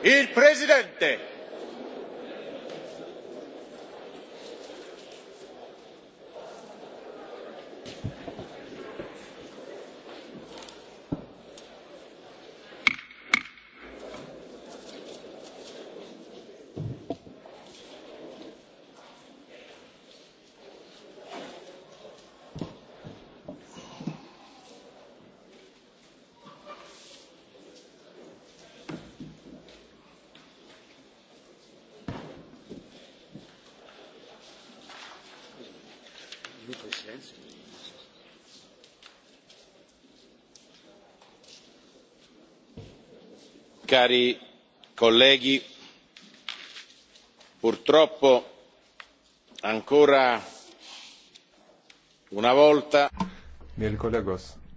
Il Presidente. cari colleghi purtroppo ancora una volta. mieli kolegos